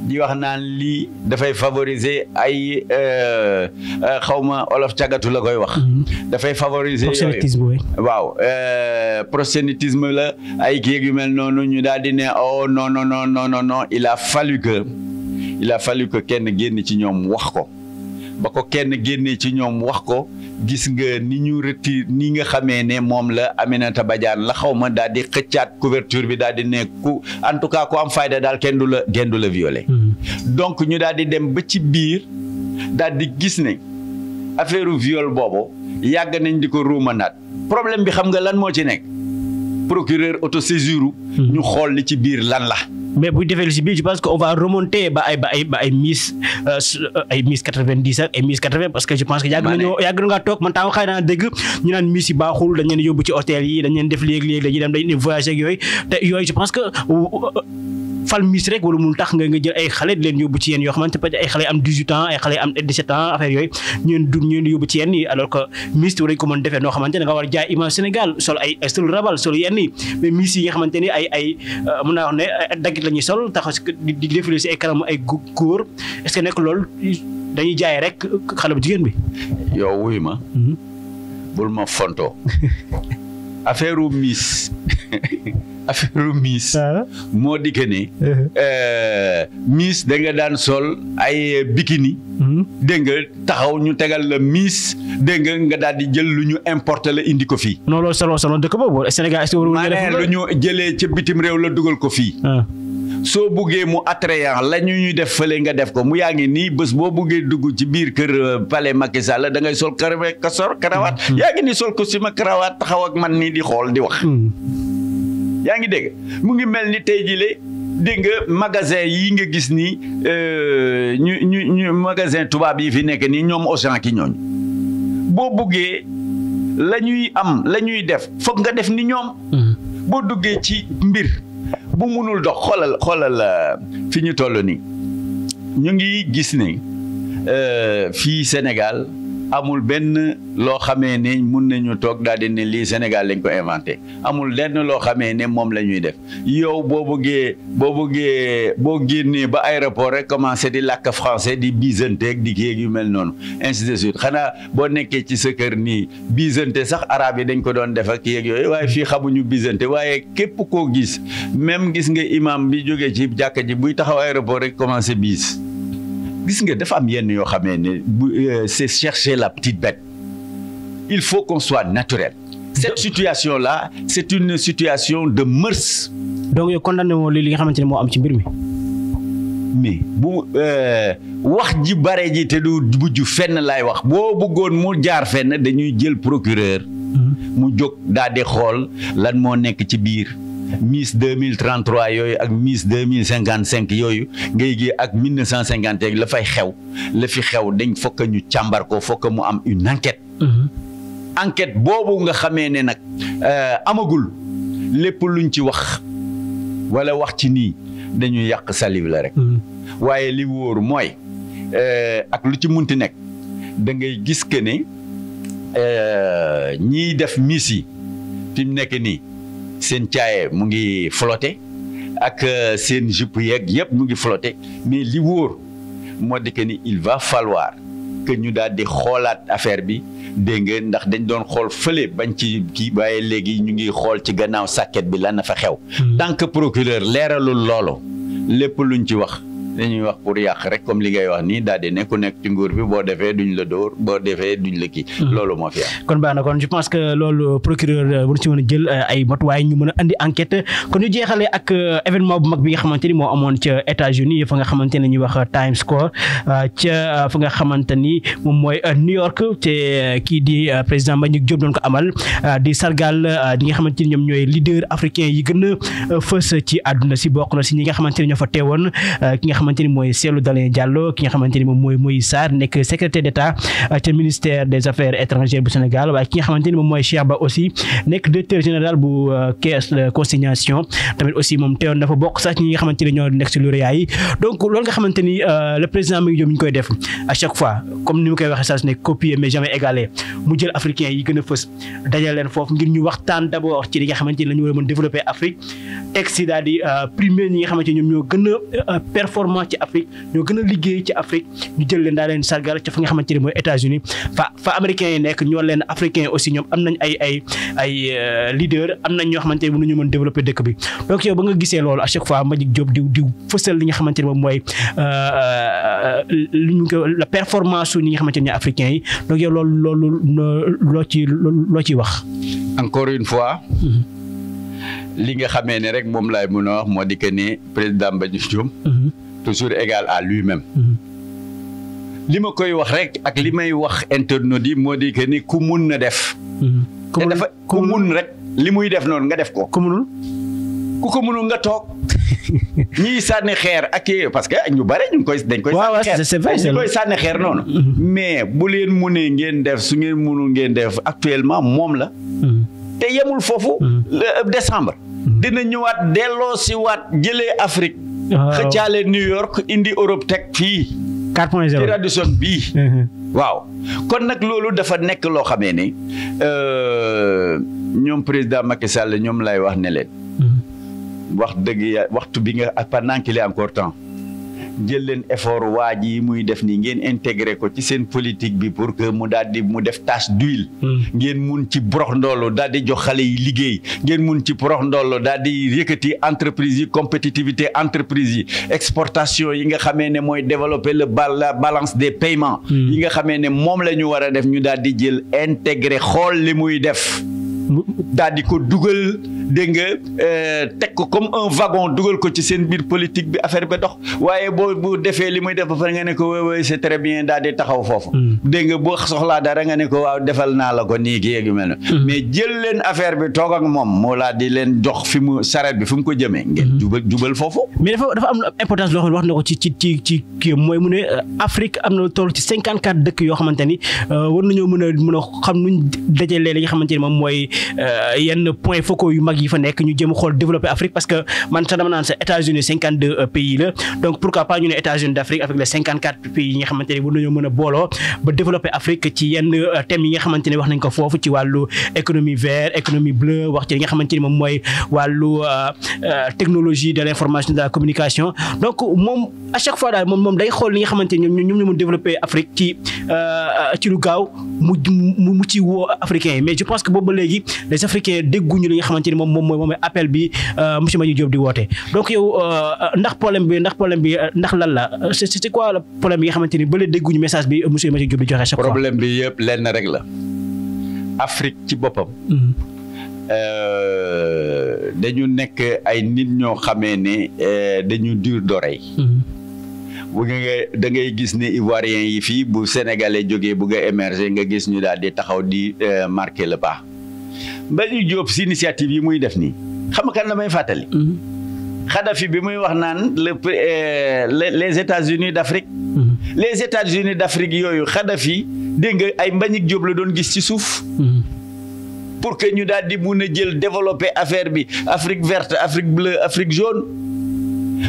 S2: di wax naan lii dafay favoriser ay euh, euh, xawma olof càggatu la koy wax. Mhm. dafay favorise proxénétisme waaw proxénétisme la ay kii yu mel noonu ñu daal di ne oh non non non non non il a fallu kenn génn ci ñoom wax ko ba ko kenn génne ci ñoom wax ko gis nga ni ñu rëti ni nga xamee ne moom la Aminata Badiane la xaw ma daal di xëccaat couverture bi daal di ne ku en tout cas ku am fayda daal kenn du la kenn du la violé. Mm-hmm. donc ñu daal di dem ba ci biir daal di gis ne affaire viol boobu yàgg nañ di ko ruumanaat problème bi xam nga lan moo ci nekk. procureur autosaisir hmm. ñu xool li ci
S1: biir lan la. mais bu defee li ci biir je pense que on va remonter ba ay ba ay ba quatre vingt dix ay miss euh, euh, quatre vingt parce que je pense que yàgg nañoo yàgg toog man temps xëy naa dégg ñu naan miss baaxul dañ leen yóbbu ci hôtel yi dañ leen def léeg-léeg dañuy dem dañuy yooyu je pense que. falmis rek wala mu tax nga nga jël ay xale leen yóbbu ci yéen yoo xamante peut ay xale am 18 am 17 yooyu ñeen dun ñeen yóbbu ci yéen yi alors que Miss war nañ ko mën defee noo xamante ne nga war a jaay image Sénégal sol ay sol rabal sol yenn yi yi nga xamante ni ay ay euh, mën naa wax ne daggit la sol taxaw di défilé si ay kanam ay góor est-ce que nekk loolu dañuy jaay rek xale bu jigéen bi
S2: yow wuy ma mm-hmm. bul ma fonto
S1: affaire miis affaire miis ah.
S2: moo di que ne eh. eh, miis da nga daan sol ay bikini hmm. dégg nga taxaw ñu tegal la miis dégg nga nga daal di jël lu ñu importer la indi ko fii.
S1: non loolu solo salon dëkk boobu Sénégal est-ce que lu
S2: ñu jëlee ca bitim réew la dugal ko fii. Ah. soo buggee mu attrayant la ñu ñuy def fële nga def ko mu yaa ngi nii bës boo buggee dugg ci biir kër euh, pale Macky Sall da sol karawe kasor karawaat mm-hmm. yaa ngi nii sol ko si ma karawaat taxaw ak man nii di xool di wax mm-hmm. yaa ngi dégg mu ngi mel ni tey jii dégg nga magasin yi nga gis nii euh, ñu ñu ñu magasin tubaab yi fi nekk nii ñoom Auchan ki ñooñu boo buggee la ñuy am la ñuy def foog nga def ni ñoom. Mm-hmm. boo duggee ci mbir. bu munul dox xoolal xoolal euh, fi ñu toll nii ñu ngi gis ni euh, fii Sénégal amul benn loo xamee ne mun nañu toog daal di ne lii Sénégal lañ ko inventé amul lenn loo xamee ne moom la ñuy def yow boo bëggee boo bëggee boo génnee ba aéroport rek commencé di làkk français di bisanteeg di kéeg yu mel noonu ainsi de xanaa boo nekkee ci sa kër nii bisante sax arabe yi dañ ko doon def ak yéeg yooyu waaye fii xamuñu bisante waaye képp koo gis même gis nga imam bi jógee ci jàkka ji buy taxaw aéroport rek commencé bis gis nga dafa am yenn yoo xamee ne bu euh, c'est chercher la petite bête il faut qu'on soit naturel cette situation là c'est une situation de mœurs
S1: donc yow condamné moo li nga xamante ne moo am ci mbir mi
S2: mais bu euh, wax ji bare ji te du bujj fenn laay wax boo bëggoon mu jaar fenn dañuy jël procureur mm-hmm. mu jóg daal di xool lan moo nekk ci biir Miss deux mille trente yooyu ak Miss deux mille cinquante cinq yooyu ngay gi ak mille neuf cent cinquante la fay xew la fi xew dañ fokk ñu càmbar ko fokk mu am une enquête. Mhm. enquête boobu nga xamee ne nag euh, amagul lépp luñ ci wax wala wax ci nii dañuy yàq sa la rek. Mhm. waaye li wóor mooy euh, ak lu ci munti nekk da ngay gis que ne euh, ñiy def miss yi fi mu nekk nii. seen caaye mu ngi flotté ak euh, seen jupe yeeg yëpp mu ngi flotté mais li wóor moo di que ni il va falloir que ñu daal di xoolaat affaire bi dégg nga ndax dañ doon xool fële bañ ci kii waaye léegi ñu ngi xool ci gannaaw sàkket bi lan na fa xew. Hmm. tant procureur leeralul loolu lépp luñ ci wax. dañuy wax pour yàq rek comme li ngay wax nii daal di ne ku nekk ci nguur bi boo defee duñ la dóor boo defee duñ la kii. Hmm. loolu moo fi am.
S1: kon baax na kon je euh, a jël euh, ay matuwaay ñu mën a ak euh, événement bu mag bi nga xamante fa nga xamante ni moom mooy New York te kii di président Mbagnick Diop doon ko amal di sargal di nga xamante ni ñoom ñooy leader africain yi gën a fës ci àdduna si bokk na si ñi nga xamante ni ñoo fa teewoon ki nga xamante xamante mooy Cellou Dalein Diallo ki nga xamante moom mooy Moïse nekk secrétaire d'État euh, ca ministère des affaires étrangères bu Sénégal waaye ki nga xamante moom mooy Cheikh Ba aussi nekk directeur général bu euh, caisse de consignation tamit aussi moom teewoon na fa bokk sax ñi nga xamante ñoo nekk si lauréat yi donc loolu nga xamante euh, a la ñu war a mën Afrique teg daal di primer ñi nga xamante ñoom ñoo gën développement ci Afrique ñoo gën ci Afrique ñu leen daa leen nga xamante ni mooy États-Unis fa fa yi nekk ñoo leen africains yi aussi ñoom ay ay ay euh, leader am xamante ni mënuñu mën développer dëkk bi donc yow ba nga gisee loolu à chaque fois Mbagnick Diop di di fësal li nga xamante ni moom euh, euh, yi loolu loolu loo ci loo ciy wax.
S2: encore une fois. Mm-hmm. li nga xamee ne rek moom laay mën wax moo di que ni président Mbagnick Diop. toujours égal à lui-même. Mm-hmm. ma koy wax rek ak li may wax internautes yi moo di que ni ku mun na def.
S1: Mm-hmm.
S2: te dafa ku mun rek li muy def noonu nga def ko. ku ku ko munul nga toog. ñiy sànni xeer ak yee parce que ñu bare ñu ngi koy dañ koy. waaw ñu koy sànni xeer noonu. Mm-hmm. mais bu leen munee ngeen def su ngeen munul ngeen def actuellement moom la. te yemul foofu. le euh, décembre. dina ñëwaat delloo si waat jëlee Afrique. xëccaale New York indi Europe teg fii. 4.0 ci Radisson bii. Mhm. waaw kon nag loolu dafa nekk loo xamee ne euh, ñoom président Macky Sall ñoom lay wax ne leen. Mhm. dëgg ya waxtu bi nga pendant qu'il encore temps. jël leen effort waa ji muy def nii ngeen intégré ko ci seen politique bi pour que mu daal di mu def tache d'huile hmm. ngeen mun ci borox ndoolu daal di jox xale yi liggéey ngeen mun ci borox ndoolu daal di yëkkati entreprise yi compétitivité entreprise yi exportation yi nga xamee ne mooy développer le la balance des paiements hmm. yi nga xamee ne moom la ñu war a def ñu daal di jël intégré xool li muy def hmm. daal di ko dugal dégg nga euh, teg ko comme un wagon dugal ko ci seen biir politique bi affaire ba dox waaye boo bu defee li muy def ba pare nga ne ko waaw waaw c'est très bien daal di taxaw foofu. Hmm. dégg boo soxlaa dara nga ne ko waaw defal naa la ko nii kii yeegi mel hmm. mais jël leen affaire bi toog moom moo laa di leen jox fi mu saret bi fi mu ko jëmee. ngeen hmm. jubal jubal foofu.
S1: mais dafa dafa am importance loo xam ne wax na ko ci ci ci ci kii mooy mu ne euh, Afrique am na toll ci cinquante quatre dëkk yoo xamante ni euh, war nañoo mën a mën a xam nuñ li nga xamante ni moom mooy yenn point yu mag yi fa nekk ñu jéem a xool développer Afrique parce que man sax dama naan sa États-Unis cinquante deux euh, pays la donc pourquoi pas ñu ne États-Unis d'Afrique avec les cinquante quatre pays yi ne a booloo euh, xamante ne moom mooy wàllu euh, technologie de l'information de la communication donc moom à chaque fois daal moom day xool li nga xamante ne ñoom ñoom ñu mun développer Afrique ci ci lu gaaw mu mu ci woo africains yi mais je pense que boobu léegi les africains dégguñu li nga moom moom mooy appel bi euh, monsieur Mbagnick Diop di woote donc yow euh, ndax problème bi ndax problème bi euh, ndax lan la c'est c'est quoi le problème yi nga xamante ni ba léegi dégguñu message bi monsieur Mbagnick Diop di joxe chaque fois. problème
S2: bi yëpp lenn rek la Afrique ci boppam. Mm-hmm. dañu nekk ay nit ñoo xamee ne dañu dur d'oreille. Mm-hmm. bu nga da ngay gis ne ivoirien yi fii bu sénégalais jógee bu nga émerger nga gis ñu daal di taxaw di marquer le pas. Mbagnick Diop si initiative yi muy def nii xam nga kan la may fàttali. xadafi mhm. bi muy wax naan le euh, les États-Unis d'Afrique. Mhm. les États-Unis d'Afrique yooyu xadafi dégg nga ay Mbagnick Diop la doon gis ci suuf. Mhm. pour que ñu daal di mun a jël développer affaire bi Afrique verte Afrique bleue Afrique jaune.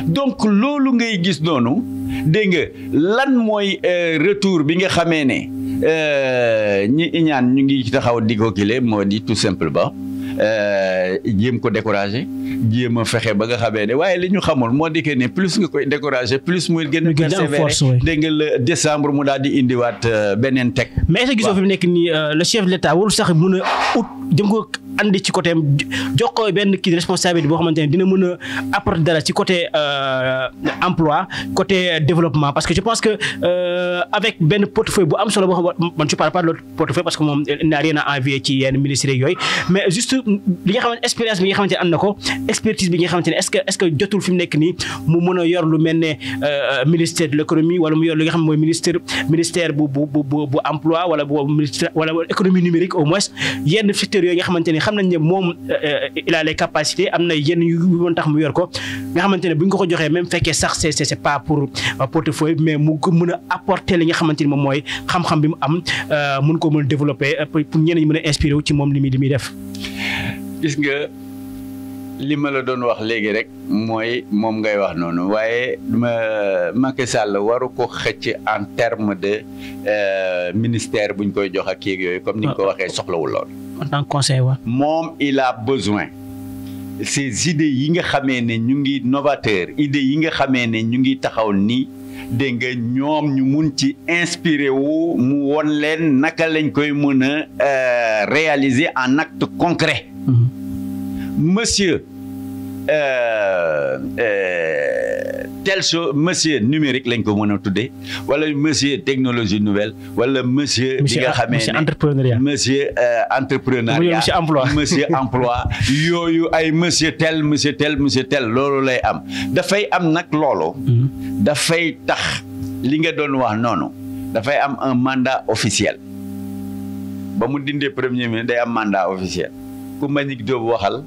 S2: donc loolu ngay gis noonu dégg nga lan mooy euh, retour bi nga xamee ne. Euh, ñi iñaan ñu ngi taxaw di ko kile moo di tout simplement Euh, jéem ko décourager jéem a fexe ba nga xamee ne waaye li ñu xamoon moo di ne plus nga koy décourager plus muy gën a persévérer dégg nga le décembre mu daal indiwaat euh, beneen teg
S1: mais est-ce gisoo fi mu nekk nii euh, le chef de l'État warul sax mën a ut jëm ko andi ci côté jox ko benn kii responsabilité boo xamante ne dina mën a apporter dara ci côté emploi coté développement parce que je pense que avec benn portefeuille bu am solo boo xam man je parle pas de l'autre parce que moom naar n'a rien envier ci yenn ministres yooyu mais juste li nga xamante expérience bi nga xamante ne am na ko expertise bi nga xamante ne est-ce que jotul fi mu nekk nii mu mën a yor lu mel ne euh, ministère de l'économie wala mu yor li nga xam mooy ministère ministère bu bu bu bu emploi wala bu ministère wala économie numérique au moins yenn secteurs yooyu nga xamante ne xam nañ moom euh, il a am na yenn yu mën tax mu yor ko nga xamante ne bu ñu ko ko joxee même fekkee sax c'est c'est pas pour euh, portefeuille mais mu mën a apporter li nga xamante ni moom mooy xam-xam bi mu am mun ko mun a développer pour ñeneen ñi mën a inspirer wu ci moom li muy li muy def
S2: gis nga li ma la doon wax léegi rek mooy moom ngay wax noonu waaye Macky Sall waru ko xëcc en terme de euh, ministère buñ koy jox ak kii yooyu comme ni nga ko ah, ah. waxee soxlawul lool.
S1: en
S2: moom il a besoin. ces yi nga xamee ne ñu ngi novateur idées yi nga xamee ne ñu ngi taxaw nii. dégg nga ñoom ñu mun ci inspiré wu mu won leen naka lañ koy mën a euh, réaliser en acte concret. Mm-hmm. monsieur Euh, euh, tel so monsieur numérique lañ ko mën a tuddee wala monsieur technologie nouvelle wala mosieur bi nga xamee ne monsieur entrepreneuriat monsieur euh, entrepreneuriat monsieur emploi monsieur emploi yooyu ay monsieur tel monsieur tel monsieur tel loolu lay am dafay am nag loolu. Hmm. dafay tax li nga doon wax noonu dafay am un mandat officiel ba mu dindee premier ministre day am mandat officiel ku Mbagnick waxal.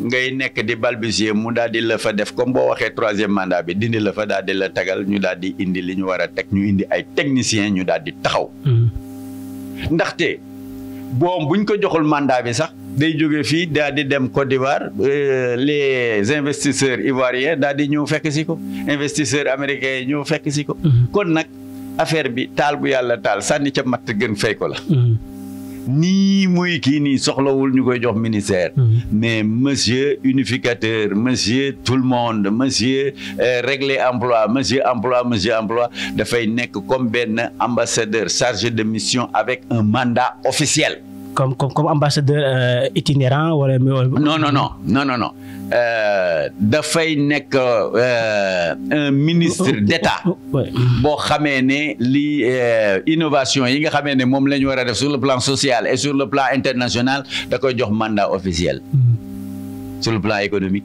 S2: ngay nekk di balbutier mu daal di la fa def comme boo waxee troisième mandat bi dindi la fa daal di la tagal ñu daal di indi li ñu war a teg ñu indi ay technicien ñu daal di taxaw. Hmm. ndaxte boom buñ ko joxul mandat bi sax day jóge fii daal di dem Côte d'Ivoire euh, les investisseurs ivoiriens daal di ñëw fekk si ko investisseurs américains yi ñëw fekk si ko. Hmm. kon nag affaire bi taal bu yàlla taal sànni ca mat gën fay ko la. Hmm. nii mooy kii nii soxlawul ñu koy jox ministère. Mm-hmm. mais monsieur unificateur monsieur tout le monde monsieur euh, régler emploi monsieur emploi monsieur emploi dafay nekk comme benn ambassadeur chargé de mission avec un mandat officiel.
S1: comme comme comme ambassadeur euh, itinérant wala. non
S2: non non non non non euh, dafay nekk euh, ministre oh, oh, d'État. Oh, boo xamee ne li euh, innovation yi nga xamee ne moom la ñu war a def sur le plan social et sur le plan international da koy jox mandat officiel. Mm. sur le plan économique.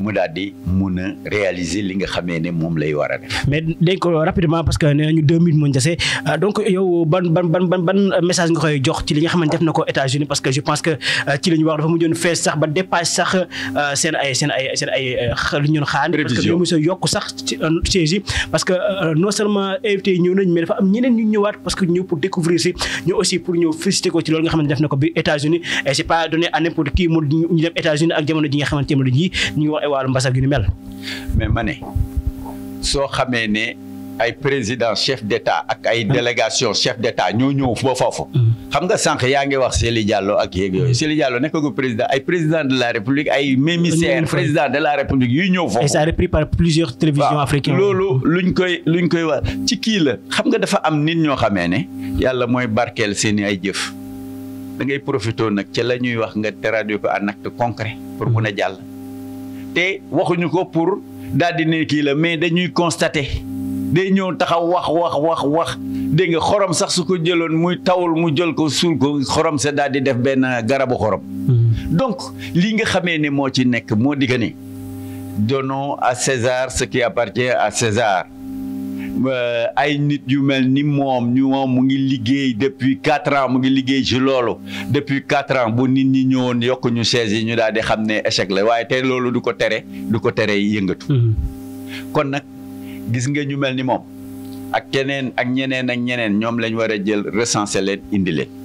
S2: mu daal di
S1: mun a réaliser li nga xamee ne moom lay war a def. mais dañ ko rapidement parce que nee nañu deux minutes moo dese ah, donc yow ban ban ban ban message nga koy jox ci li nga xamante def na ko États-Unis parce que je pense que ah, ci li ñu wax dafa mujjoon fees sax ba dépassé sax ah, seen ay seen ay seen ay lu ñu doon xaar. parce que ñoo mos a yokk sax ci euh, siège yi parce que euh, non seulement invité yi ñëw nañ mais dafa am ñeneen ñu ñëwaat parce que ñëw pour découvrir si ñu aussi pour ñëw féliciter ko ci loolu nga xamante def na ko bi États-Unis et c'est pas donné à n'importe qui mu ñu dem États-Unis ak jamono ji nga xamante ne ji ñu wax wàllu mbasag yu ni mel.
S2: mais ma ne soo xamee ne ay président chef d' état ak ay hmm. délégation chef d' état ñoo ñëw ba foofu. Hmm. xam nga sànq yaa ngi wax Sely Diallo ak yeeg yooyu hmm. Sely Diallo nekk ko président ay président de la république ay mémissaire président de la république yuy ñëw foofu. et ça
S1: repris par plusieurs télévisions africaines.
S2: loolu luñ koy luñ koy wax ci kii la xam nga dafa am nit ñoo xamee ne yàlla mooy barkeel seeni ay jëf da ngay profité nag ci la ñuy wax nga traduire ko en acte concret pour mun a te waxuñu ko pour daal di ne kii la mais dañuy constater day ñëw taxaw wax wax wax wax dégg nga xorom sax su ko jëloon muy tawul mu jël ko suul ko xorom sa daal di def benn garabu xorom. Mm-hmm. donc li nga xamee ni moo ci nekk moo di que ni donnons à César ce qui appartient à César. Euh, ay nit yu mel ni moom ñu moom mu ngi liggéey depuis quatre ans mu ngi liggéey ci loolu depuis quatre ans bu nit ñi ñëwoon yokk ñu chaise yi ñu daal di xam ne échec le waaye tey loolu du ko tere du ko tere yëngatu. Hmm. kon nag gis nga ñu mel ni moom ak keneen ak ñeneen ak ñeneen ñoom lañ war a jël recenser leen indi leen.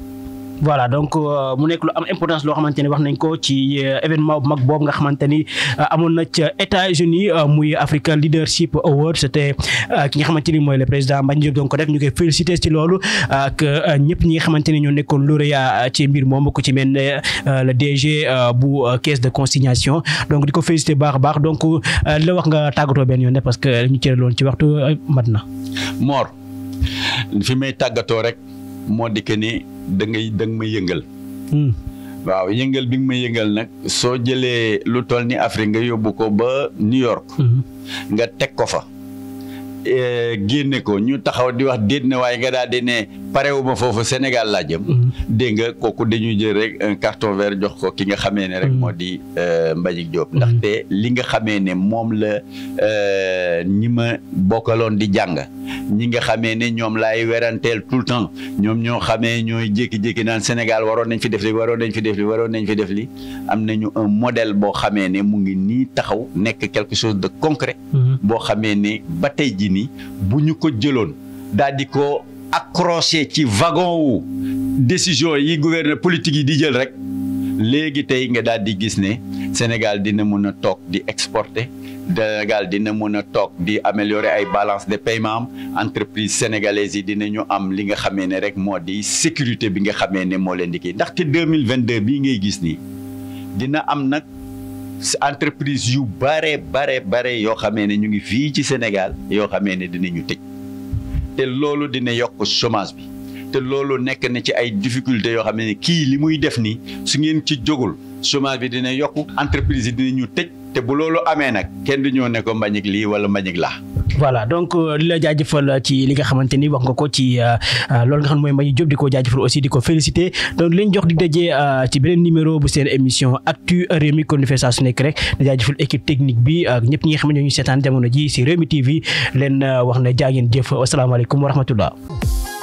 S1: voilà donc euh, mu nekk lu am importance loo xamante ne wax nañ ko ci euh, événement bu mag boobu nga xamante ni euh, amoon na ca États-Unis muy Africa Leadership Award c'était ki nga xamante ni mooy le président Mbagnick Diop doon ñu koy féliciter ci loolu ñëpp ñi nga xamante ni ñoo nekkoon lauréat ci mbir moom ku ci mel ne le DG bu caisse de consignation donc di ko féliciter baax a baax donc li wax nga tàggatoo benn yoon ne parce que ñu loolu ci waxtu mat na.
S2: Mor fi may tàggatoo rek. moo di que ni da ngay da ma yëngal. Hmm. waaw yëngal bi nga ma yëngal nag soo jëlee lu tool ni Afrique nga yóbbu ko ba New York. Hmm. nga teg ko fa. Eh, génne ko ñu taxaw di wax déet na waaye nga daal di ne parewuma foofu Sénégal laa jëm. Mm-hmm. dégg nga kooku dañuy jël rek un carton vert jox ko ki nga xamee ne rek mm-hmm. moo di eh, Mbagnick Diop. Mm-hmm. ndaxte li nga xamee ne moom la eh, ñi ma bokkaloon di jàng ñi nga xamee ne ñoom laay weranteel tout le temps ñoom ñoo xamee ñooy jékki-jékki naan Sénégal waroon nañ fi def li waroon nañ fi def li waroon nañ fi def li am nañu un modèle boo xamee ni mu ngi nii taxaw nekk quelque chose de concret. boo xamee ne ba tey jii ni bu ñu ko jëloon daal di ko accroché ci vagon wu décision yi gouverneur politique yi di jël rek léegi tey nga daal di gis ne Sénégal dina mën a toog di exporter Sénégal dina mën a toog di améliorer ay balance de paiement entreprise sénégalaise yi dinañu am li nga xamee ne rek moo di sécurité bi nga xamee ne moo leen di kii ndaxte 2022 bii ngay gis nii dina am nag. si entreprise yu bare bare bare yoo xamee ne ñu ngi fii ci Sénégal yoo xamee ne dinañu tëj te loolu dina yokk chômage bi te loolu nekk na ci ay difficultés yoo xam ne kii li muy def nii su ngeen ci jógul chômage bi dina yokk entreprise yi dinañu tëj te bu loolu amee nag kenn du ñëw ne ko lii wala mbañik la
S1: voilà donc li euh, la jaajëfal euh, ci li nga xamante ni wax nga ko ci euh, loolu nga xam mooy Mbagnick Diop di ko jaajëfal aussi di ko félicité donc leen jox di daje ci beneen numéro bu seen émission actu Rewmi kon di fee nekk rek di jaajëfal équipe technique bi ak ñëpp ñi xam ne ñoo ñu seetaan jamono ji ci Rewmi TV leen wax ne jaa ngeen jëf asalaamaaleykum wa rahmatullah